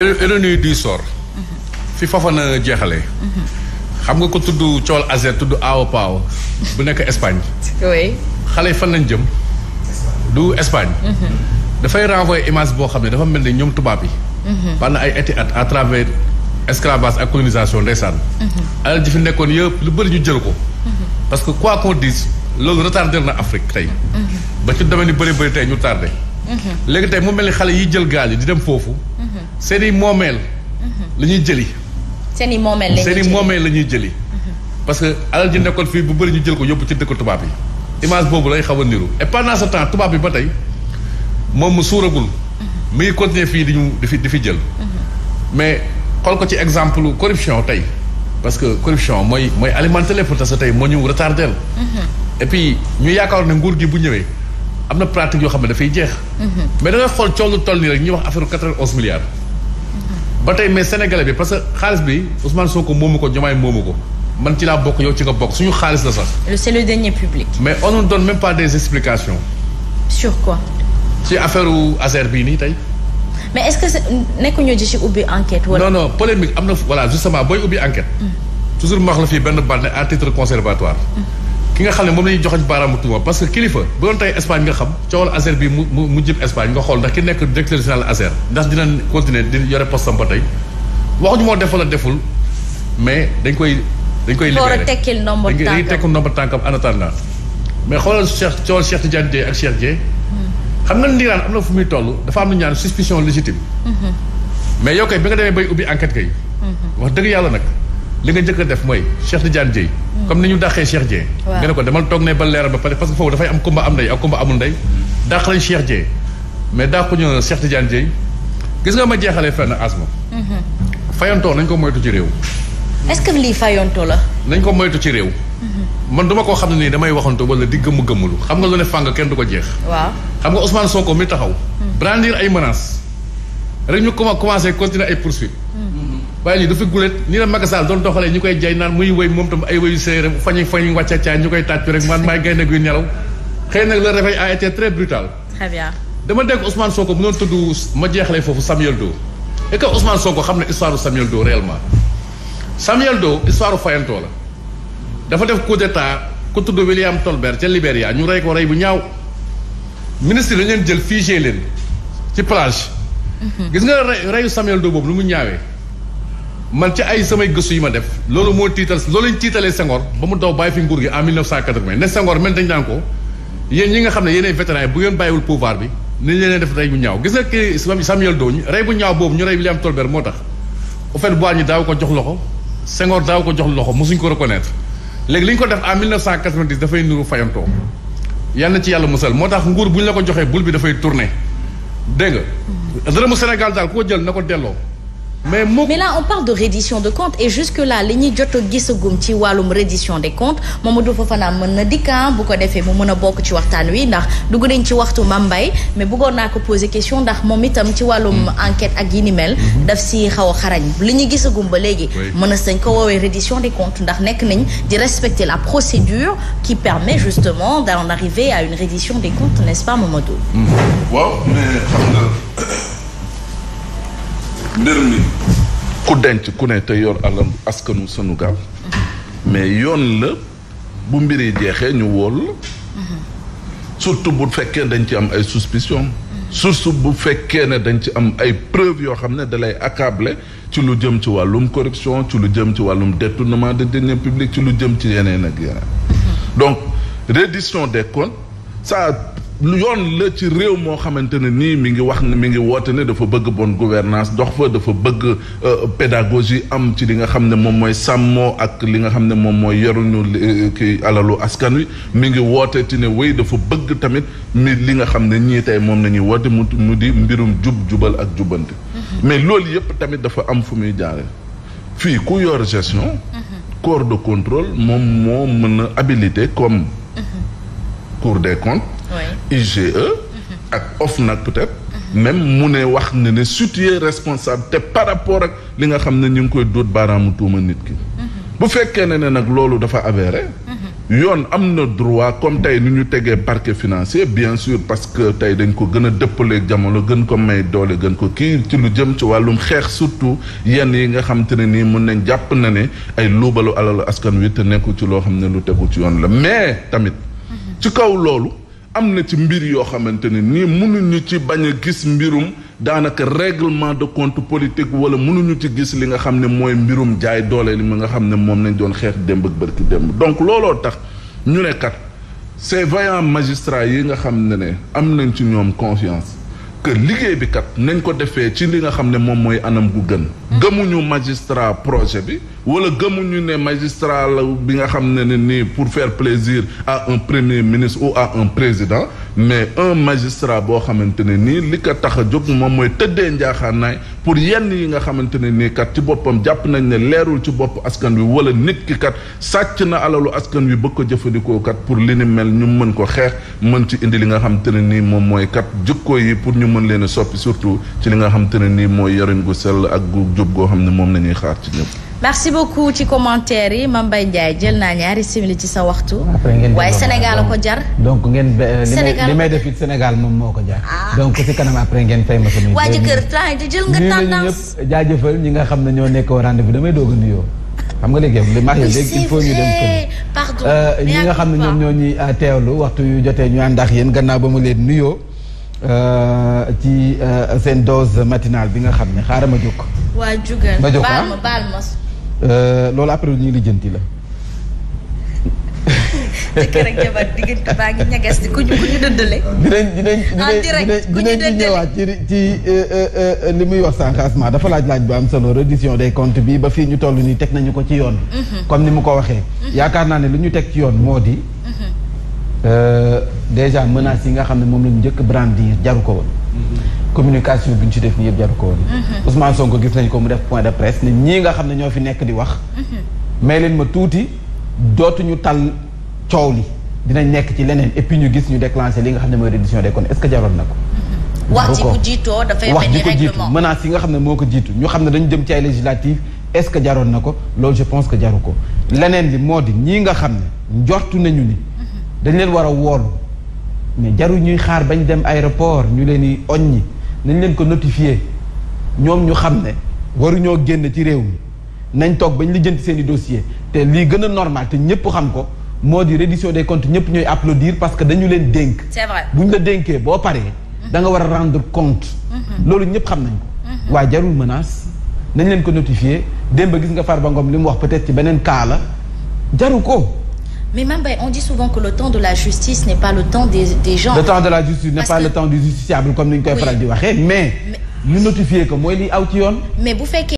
ironie du sort mhm. fi Fofana jeexale mhm. xam nga ko tudd cool azet tudd aaw paaw bu nekk Espagne xale yi fan lañ jëm du Espagne mhm. dafay renvoyer image boo xam ne dafa mel ni ñoom tubaab yi pendant ay ati at à travers esclavage ak colonisation ndeysaan alal ji fi nekkoon yëpp lu bëri ñu jël ko parce que quoi qu'on dise loolu retardé na Afrique tey ba ci domaine yu bëri bëri tey ñu tardé léegi tey mu mel ni xale yi jël gaal yi di dem foofu seen i moomeel. Mhm. la ñuy jëli. seen i moomeel la ñuy jëli la ñuy jëli. Mhm. parce que alal ji nekkoon fii bu bëri ñu jël ko yóbbu ci dëkku tubaab yi. image boobu lay xaw a niru et pendant ce temps tubaab bi ba tey moom mu suuragul. Mhm. mi ngi fii di ñu di fi di fi jël. mais xool ko ci exemple corruption tey. parce que corruption mooy mooy alimenter lépp te sa tey moo ñu retardé. et puis ñu yaakaar ne nguur gi bu ñëwee. am na pratique yoo xam ne dafay jeex. Mhm. mais da ngay xool coow lu toll nii rek ñuy wax affaire quatre-vingt-onze milliards. Mhm. ba tey mais sénégalais bi parce que xaalis bi soo Sonko moomu ko Diomaye moomu ko man ci laa bokk yow ci nga bokk suñu xaalis la sax. c'est le denier public. mais on ne donne même pas des explications. sur quoi. ci affaire ASER bii nii tey. mais est-ce que nekkuñu ji ci ubbi enquête wala. non non polémique am na voilà justement booy ubbi enquête. Mm. toujours ma wax la fii benn bànne à titre conservatoire. Mm. ki nga xam ne moom la ñuy joxañ baaraamu tuuma parce que kilifa bu doon tey Espagne nga xam coowal Azer bi mu mu mu Espagne nga xool ndax ki nekk directeur général Azer ndax dina continuer di yore poste am ba tey waxuñu moo def deful mais dañ koy. dañ koy libéré dañ koy tekkil nombre tànkam dañ koy tekkil nombre tànkam en attendant mais xoolal Cheikh coowal Cheikh Tidiane Dièye ak Cheikh Dièye. Hmm. xam nga ndiiraan am na fu muy toll dafa am na ñaan suspicion légitime. Hmm. mais yow bi nga demee bay ubbi enquête kay. Hmm. wax dëgg yàlla nag. li nga jëkk def mooy Cheikh Tidiane Dieye comme ni ñu dàqee Cheikh Dieye nga ne ko demal toog ne ba leeral ba pare parce que foofu dafay am combat am ndey ak combat amul ndey dàq lañ Cheikh Dieye mais dàquñu Cheikh Tidiane gis nga ma jeexalee fenn asma mhm. fayantoo nañ ko moytu ci réew est que lii fayantoo la nañ ko moytu ci réew mhm. man duma koo xam ne nii damay waxantu wala di gëmm gëmmulu xam nga lu ne fàng kenn du ko jeex waaw xam nga Ousmane Sonko mi taxaw mhm. brandir ay menaces rek ñu commencé continuer ay poursuites waaye lii dafa guléet nii la magasaal doon doxalee ñu koy jay naan muy wéy moom tam ay wéyu séeréer bu fañuy fañuy wàcca caay ñu koy tàccu rek man maay gaynde guy nelaw xëy nag le réveil a été très brutal très bien dama dégg Ousmane mu doon tudd ma jeexalee foofu Samuel Doe et que Ousmane Sonko xam ne histoire u Samuel Doe réellement Samuel Doe histoire u la dafa def coup d'état ku tudd William Tolbert ca Libéria ñu rey ko rey bu ñaaw ministre yi dañu jël figé leen ci plage mhm. gis nga reyu Samuel boobu lu mu ñaawee man ci ay samay gëstu yi ma def loolu moo tiital loolu lañ tiitalee Senghor ba mu daw bàyyi fi nguur gi en 1980 ne Senghor mel dañ daan ko yéen ñi nga xam ne yéenay vétéran yi bu ngeen bàyyiwul pouvoir bi ni ñu leen def rey bu ñaaw gis nga kii Samuel Doe rey bu ñaaw boobu ñu rey William Tolbert moo tax Houphouët-Boigny ñi daaw ko jox loxo Senghor daaw ko jox loxo mosuñ ko reconnaître léegi li ñu ko def en 1990 dafay nuru fayantoo yal na ci yàlla musal moo tax nguur bu ñu la ko joxee bul bi dafay tourné dégg nga dërëmu Sénégal daal ku jël na ko delloo mais moo mais là on parle de reddition de compte et jusque là li ñuy jot a gisagum ci wàllum reddition des comptes Mamadou Fofana mën na dikkan ah, bu ko defee mu mën a bokk ci waxtaan wi ndax dugg nañ ci waxtu mbay mais bëggoon naa ko poser question ndax moom itam ci wàllum mm-hmm. enquête ak yi ni mel. Mm-hmm. daf si xaw a xarañ li ñu gisagum ba léegi. mën a sañ ko woowee reddition des comptes ndax nekk nañ di respecter la procédure qui permet justement d'en arriver à une reddition des comptes n'est-ce pas Mamadou. Mm-hmm. waaw mais xam mbir mi ku denc ku ne te yor alam askanu sunu gaal mais yoon la bu mbir yi jeexee ñu wol la surtout bu fekkee dañ ci am ay suspicion surtout bu fekkee ne dañ ci am ay preuve yoo xam ne dalay accablé ci lu jëm ci wàllum correction ci lu jëm ci wàllum détournement de deniers publics ci lu jëm ci yeneen ak yeneen donc reddition des comptes ça yoon la ci réew moo xamante ne nii mi ngi wax ne mi ngi woote ne dafa bëgg bon gouvernance dox fa dafa bëgg euh, pédagogie am ci li nga xam ne moom mooy sàmmoo ak li nga xam ne moom mooy yoruñu euh, ki alalu askan wi mi ngi woote ci ne wéy dafa bëgg tamit mi li nga xam ne ñii tey moom la ñuy woote mu mu di mbirum jub jubal ak jubante mhm. mais loolu yëpp tamit dafa am fu muy jaare fii ku yor gestion mhm. corps de contrôle moom moo mën a habilité comme mhm. cour des IGE ak OFNAC peut-être mhm. même mu ne wax ne ne situé responsable te par rapport ak li nga xam ne ñu ngi koy dóot baaraamu tuuma nit ki mhm. bu fekkee ne ne nag loolu dafa rek mhm. yoon am na droit comme tey ni ñu tegee parquet financier bien sur parce que tey dañ ko gën a dëppaleeg jamono gën ko may doole gën ko kii ci lu jëm ci wàllum xeex surtout yenn yi nga xam te ne nii mun nañ jàpp na ne ay luubalu alalu askan wi te nekku ci loo xam ne lu tegu ci yoon la mais tamit ci kaw loolu am na ci mbir yoo xamante ne nii mënuñu ci bañ a gis mbirum daanaka règlement de compte politique wala mënuñu ci gis li nga xam ne mooy mbirum jaay doole li nga xam ne moom nañ doon xeex démb ak bërki démb donc looloo tax ñu ne kat ces vaillants magistrats yi nga xam ne ne am nañ ci ñoom confiance kër liggéey bi kat nañ ko defee ci li nga xam ne moom mooy anam gu gën mm. gëmuñu magistrat projet bi wala gëmuñu ne magistrat la bi nga xam ne ne nii pour fair plaisir à un premier ministre ou à un président mais un magistrat boo xamante ne nii li ko tax a jóg moom mooy tëddee njaaxaanaay pour yenn yi nga xamante ne nii kat ci boppam jàpp nañ ne leerul ci bopp askan wi wala nit sàcc na alalu askan wi bëgg ko jëfandikoo kat pour li ni mel ñu mën ko xeex mën ci indi li nga xamante ne nii moom mooy kat jikko yi pour ñu mën leen a soppi surtout ci li nga xamante ne nii mooy yorin gu sell ak gu jub goo xam ne moom la ñuy xaar ci ñëpp. merci beaucoup ci commentaire yi ma Mbaye Ndiaye jël naa ñaari simili ci sa waxtu. waaye Sénégal a ko jar. donc ngeen li may def it Sénégal moom moo ko jar. Ah. donc si kanam après ngeen fay ma sama. waa ji kër nga ñi nga xam ne ñoo nekk au rendez-vous damay doog a nuyoo xam nga léegi li ma léegi il faut ñu dem pardon euh, ñi nga xam ne ñoom ñoo ñuy euh, teewlu waxtu yu jotee ñu ànd ak yéen gannaaw ba mu leen nuyoo. Euh, ci seen dose matinal bi nga xam ne xaaral ma jóg. waa ma jóg baal ah. ma baal ma. Euh, loolu après ñuy lijjanti la. jëkkër ak jabar diggante baa ngi ñagas ku ñu ku ñu dëndale. dinañ dinañ dinañ dinañ ci ñëwaat ci ci euh, euh, li muy wax changement dafa laaj laaj bu am solo reddition des comptes bi ba fii ñu toll nii teg nañu ko ci yoon. Mhm. comme ni mu ko waxee. Mhm. yaakaar naa ne lu ñu teg ci yoon moo di. Mhm. déjà menaces yi nga xam ne moom la ñu njëkk brandir jaru ko woon. communication bi ñu ci def nii yëpp jaru ko woon. Mhm. Ousmane Sonko gis nañ ko mu def point de presse ne ñii nga xam ne ñoo fi nekk di wax. Mhm. may leen ma tuuti dootuñu tal coow li dinañ nekk ci leneen et ñu gis ñu déclenché li nga xam ne mooy reddition des comptes est-ce que jaroon na mhm. wax ji ko jiitu dafay yi nga xam ne moo ko jiitu ñu xam ne dañu jëm ci ay législatives est-ce que jaroon na ko loolu je pense que jaru ko leneen li moo di ñii nga xam ne njortu nañu ni dañ leen war a woolu mais jaru ñuy xaar bañ dem aéroport ñu leen di nañ leen ko notifier ñoom ñu xam ne waruñoo génn ci réew mi nañ toog bañ lijjanti seen i dossier te lii gën a normal te ñëpp xam ko moo di reddition des comptes ñëpp ñooy applaudir parce que dañu leen dénk. c'est vrai bu ñu la dénkee boo paree. Mm-hmm. danga war a rendre compte. Mm-hmm. loolu ñëpp xam nañ ko. Mm-hmm. waa jarul menace nañ leen ko notifier démb gis nga far ba Ngom li mu wax peut-être ci beneen kaala jaru ko. mais Mame Mbaye on dit souvent que le temps de la justice n'est pas le temps des des gens. le temps de la justice n'est pas que... le temps du justiciable comme ni ñu koy faral di waxee. mais ñu notifié ko mooy li aw ci yoon. mais bu fekkee.